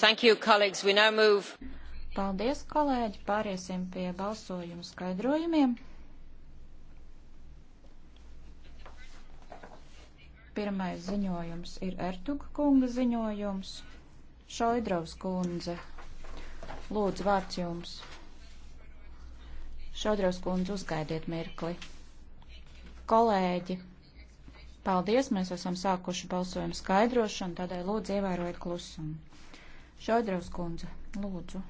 You, Paldies, kolēģi. Pāriesim pie balsojumu skaidrojumiem. Pirmais ziņojums ir Ertuga kunga ziņojums. Šoidrovs kundze, lūdzu vārds jums. Šoidrovs kundze, uzgaidiet mirkli. Kolēģi, paldies, mēs esam sākuši balsojumu skaidrošanu, tādēļ lūdzu ievērojiet klusumu. Šodrovs kundze, lūdzu.